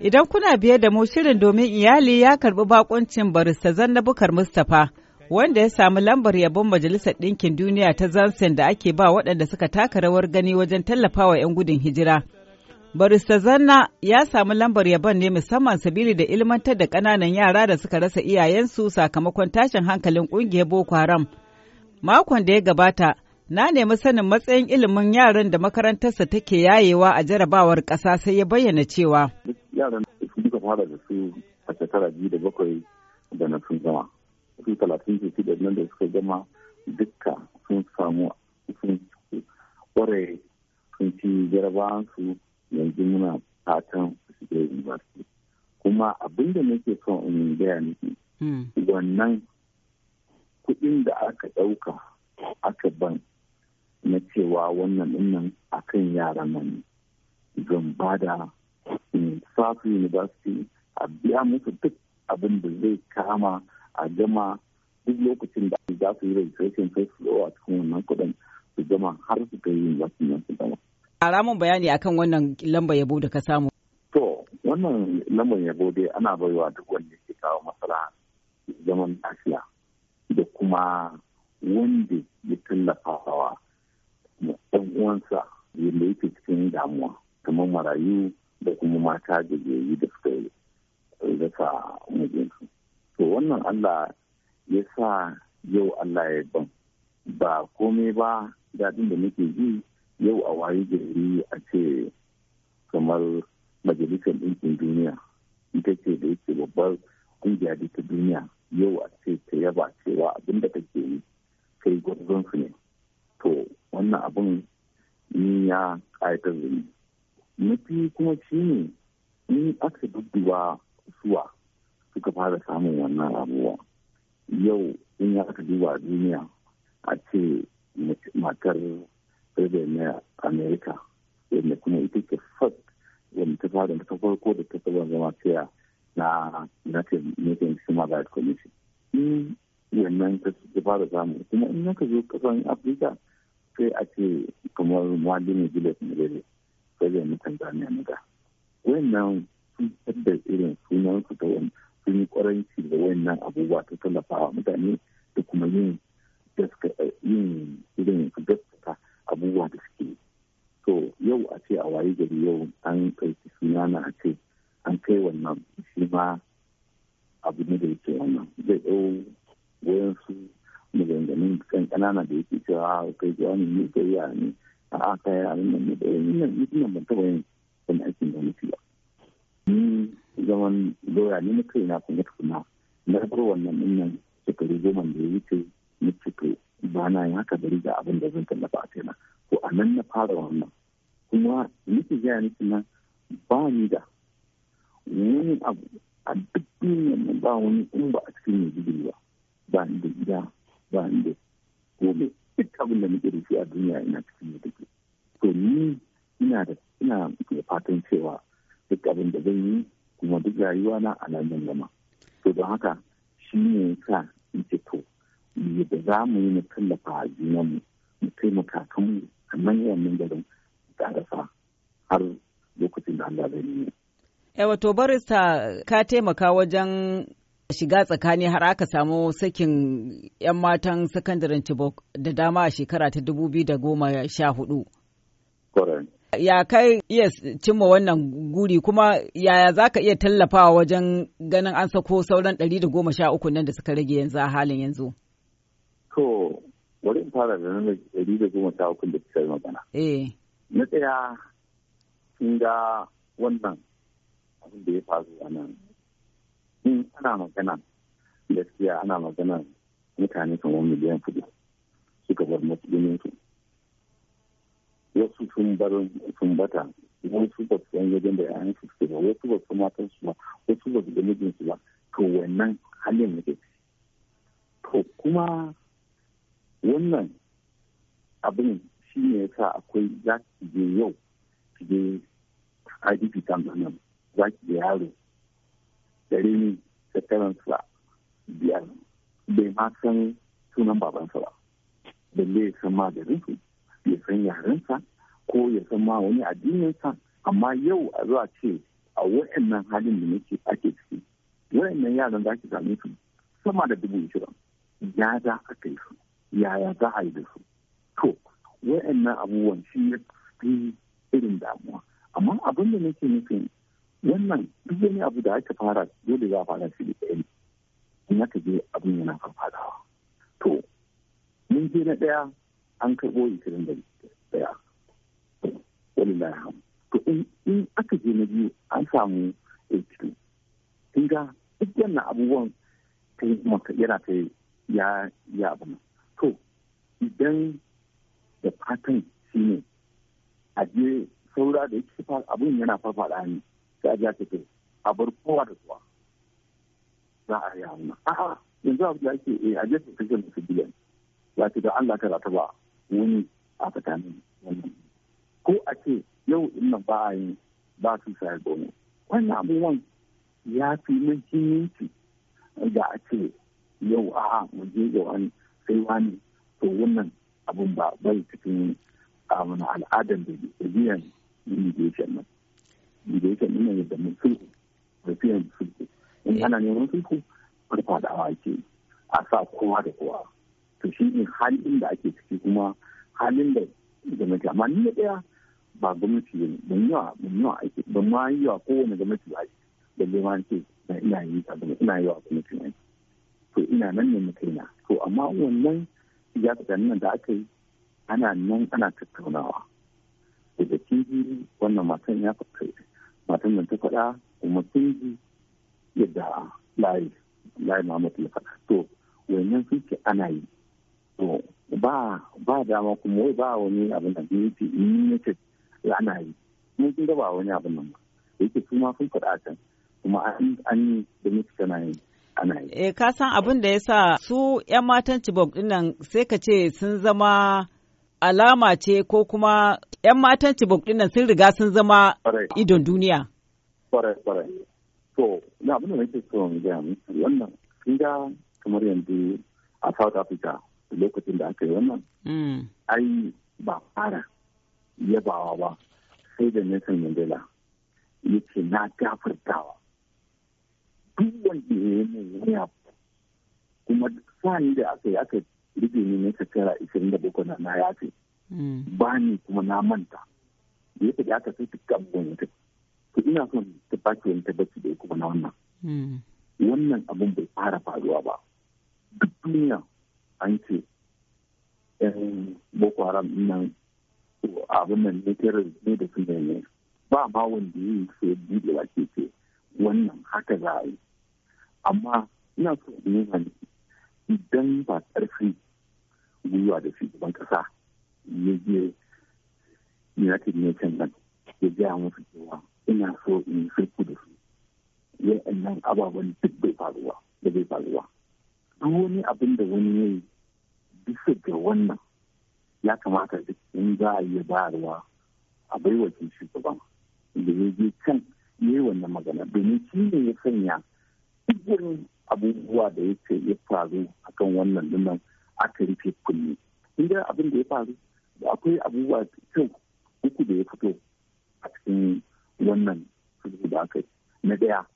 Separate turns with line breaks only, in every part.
Idan kuna biye da mu shirin domin iyali ya karbi bakuncin barista Zannabukar Mustapha wanda ya samu lambar yabon Majalisar Ɗinkin Duniya ta Zansen da ake ba waɗanda suka taka rawar gani wajen tallafawa 'yan gudun hijira. Barista Zanna ya samu lambar yabon ne musamman sabili da ilmantar da ƙananan yara da suka rasa iyayensu sakamakon tashin hankalin ƙungiyar Boko Haram. Makon da ya gabata, na nemi sanin matsayin ilimin yaran da makarantarsa take yayewa a jarabawar ƙasa sai ya bayyana cewa.
yaran su duka fara da su a shekara biyu da bakwai da na sun gama su talatin su da nan da suka gama duka sun samu sun kware sun ci su yanzu muna fatan su je university kuma abin da nake son in gaya miki hmm. wannan kuɗin da aka ɗauka aka ban na cewa wannan dinnan akan yaran nan zan bada Safi University a biya musu duk abin da zai kama a jama duk lokacin da za su yi registration sai su a cikin wannan kuɗin su jama har su kai university nan su gama.
A ramin bayani akan wannan lambar yabo da ka samu.
To wannan lambar yabo dai ana baiwa duk wanda ke kawo matsala zaman lafiya
da kuma wanda
ya tallafawa ɗan uwansa yadda yake cikin damuwa kamar marayu da kuma mata yi da suka rasa mijinsu to wannan allah ya sa yau allah ya ban ba komai ba daɗin da muke yi yau a wayi gari a ce kamar majalisar ɗinkin duniya ita ce da yake babbar ƙungiya da ta duniya yau a ce ta yaba cewa abin da take yi kai gwarzon su ne to wannan abin ni ya ƙayatar da ni mafi kuma shi ne in aka dudduwa suwa suka fara samun wannan abuwa yau in aka duba duniya a ce matar president na america wanda kuma ita ke first wanda ta fara ta farko da ta fara zama tsaya na national human rights commission in wannan ta fara samu kuma in ka zo kasan afirka sai a ce kamar malin gilet malere Australia na Tanzania na da. Wannan sun da irin sunan su da wani sun yi kwaranci da wayannan abubuwa ta tallafawa mutane da kuma yin yin irin gaskata abubuwa da suke. To yau a ce a waye gari yau an kai suna na a ce an kai wannan shi ma abu ne da yake wannan zai ɗau wayansu maganganun kan ƙanana da yake cewa kai ne ne ne a aka yi abin nan mutum ban taɓa yin wani aikin mutu ba ni zaman doya ne na kai na kuma tukuna na bar wannan ɗin shekaru goma da ya wuce na ciko ba na yin haka gari ga abin da zan tallafa a kaina ko a nan na fara wannan kuma mutu ya nake nan ba ni da wani abu a duk duniyar ba wani in ba a cikin yanzu ba ba ni da gida ba ni da gobe duk abin da muke da a duniya ina cikin da take to ni ina da ina da fatan cewa duk abin da zan yi kuma duk rayuwa na a nan zama to don haka shi ne sa in ce to yadda za mu yi mu tallafa junanmu mu mu taimaka kan manyan mun garin ƙarasa har lokacin da Allah zai yi.
Yawa to barista ka taimaka wajen shiga tsakani har aka samu sakin 'yan matan sakandaren Chibok da dama a shekara ta 2014. Ya kai iya cimma wannan guri kuma yaya za ka iya tallafawa wajen ganin an sako sauran 113 nan da suka rage yanzu a halin yanzu?
To, wani in fara da nan 113 da suka yi magana.
Eh. Na
tsaya sun ga wannan abin da ya faru a nan in ana magana gaskiya ana magana mutane kamar miliyan kudu suka bar matsugunin su wasu sun bar sun bata wasu ba su yan yajen da yayan su ba wasu ba su matan su ba wasu ba su da mijin su ba to wannan halin muke to kuma wannan abin shi ne ya sa akwai za ki yau ki je IDP camp za ki je yaro gare ni sa biyar bai ma san sunan babansa ba balle ya san magarinsu ya san yarensa ko ya san ma wani addininsa amma yau a zuwa ce a wa'annan halin da nake ake ciki wa'annan yaran da ake same su sama da dubu shirin ya za a kai su yaya za a yi da su to wa'annan abubuwan shi ya fi irin damuwa amma abin da nake nufin wannan duk wani abu da aka fara dole za a fara shi da ɗaya in aka je abin yana farfadawa to mun je na ɗaya an karɓo ikirin da ɗaya wani ham to in aka je na biyu an samu ikirin In ga duk wannan abubuwan yana ta ya ya abu to idan da fatan ne a je saura da yake abin yana farfada ne sai a ji a bar kowa da kowa za a yi hannu a yanzu abu da ake eh, a jefa kashe da biliyan ya ce da Allah ka rata ba wani a tsakanin wannan ko a ce yau in nan ba a yi ba su sa ya wani wannan abubuwan ya fi muhimmanci da a ce yau a'a mu je ga wani sai wani to wannan abun ba bai cikin abin ah, al'adar da biyan indigenous da yake nuna yadda mai sulhu da fiye sulhu in eh. ana neman sulhu farfadawa ake a sa kowa da kowa to shi ne halin da ake ciki kuma halin da gwamnati amma ni na ɗaya ba gwamnati ne ban yawa ban yawa aiki ban ma yi wa kowane gwamnati ba aiki balle ma ce ina yi a gwamnati ina yi wa gwamnati aiki to ina nan ne na kaina to amma wannan ya nan da aka yi ana nan ana tattaunawa daga tv wannan matan ya fata matan nan ta faɗa kuma sun ji yadda layi layi mamatu ya faɗa to wannan sun ce ana yi to ba ba dama kuma wai ba wani abin da ya ce in ne ce ana yi mun sun gaba wani abin nan ba yake su ma sun faɗa can kuma an yi da mutu na yi
ana yi. Eh ka san abin da ya sa su 'yan matan Chibok dinnan sai ka ce sun zama alama ce ko kuma 'yan matan Chibok nan sun riga sun zama idon duniya.
Kwarai-kwarai. To, na abin da nake so mu gaya musu wannan kun ga kamar yanzu a South Africa lokacin da aka yi wannan. Mm. Ai ba fara yabawa ba sai da Nelson Mandela yake na gafartawa. Duk wanda ya yi wani abu kuma sani da aka yi aka rige ne na shekara 27 na ya ce. Mm. ba ni kuma na manta da ya tafi aka sai ta kabba mutum to ina son ta baki wani tabbaci da kuma na wannan mm. wannan abin bai fara faruwa ba duk duniya an ce yan boko haram nan abin nan ne ne da su ne ba ma wanda ya yi sai bude ba ke ce wannan haka za a yi amma ina so in yi idan ba ƙarfi gwiwa da shugaban ƙasa ya je united nations nan ya gaya musu cewa ina so in yi sulku da su yayin nan ababen duk bai faruwa da bai faruwa duk wani abin da wani ya yi bisa ga wannan ya kamata duk in za a yi bayarwa a bai wa shugaban da ya je kan yi wannan magana domin shi ne ya sanya duk abubuwa da ya ce ya faru akan wannan dinnan aka rufe kunne inda abin da ya faru akwai abubuwa kyau uku da ya fito a cikin wannan sulhu da aka yi na gaya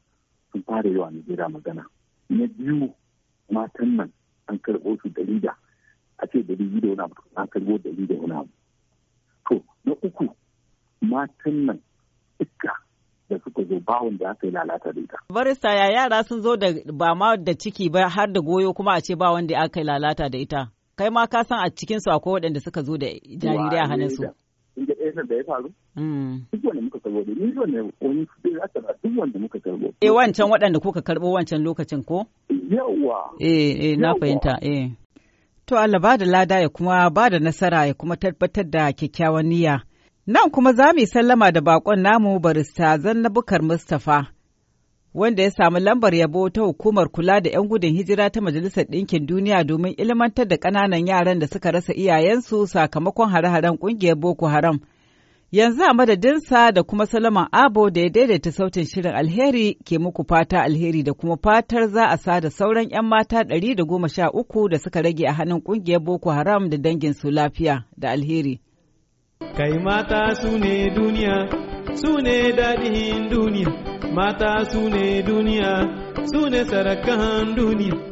sun fara yawa jira magana na biyu matan nan an karɓo su dari a ce dari biyu da wani an karɓo dari da wani abu to na uku matan nan iska da suka zo bawon da aka yi lalata da ita.
Barista ya yara sun zo da ba ma da ciki ba har da goyo kuma a ce ba wanda aka yi lalata da ita. kai ma ka san a cikin su akwai waɗanda suka zo da jarirai a hannun su
in ga ɗaya eh, eh, da ya faru mm. duk wanda muka karɓo da ni wanda wani sai za duk wanda muka eh,
wancan waɗanda kuka karɓo wancan lokacin ko Yawwa, eh eh na fahimta eh to Allah ba da lada ya kuma ba da nasara ya kuma tabbatar da kyakkyawan niyya Nan kuma za mu sallama da bakon namu barista Zannabukar Mustapha wanda ya samu lambar yabo ta hukumar kula da 'yan gudun hijira ta Majalisar Ɗinkin Duniya domin ilmantar da ƙananan yaran da suka rasa iyayensu sakamakon hare-haren ƙungiyar Boko Haram. Yanzu a madadinsa da kuma Salaman Abo da ya daidaita sautin shirin alheri ke muku fata alheri da kuma fatar za a sa da sauran 'yan mata ɗari da goma sha uku da suka rage a hannun ƙungiyar Boko Haram da dangin su lafiya da alheri. Kai mata su ne duniya, su ne daɗin duniya. mata su ne duniya su ne sarakan duniya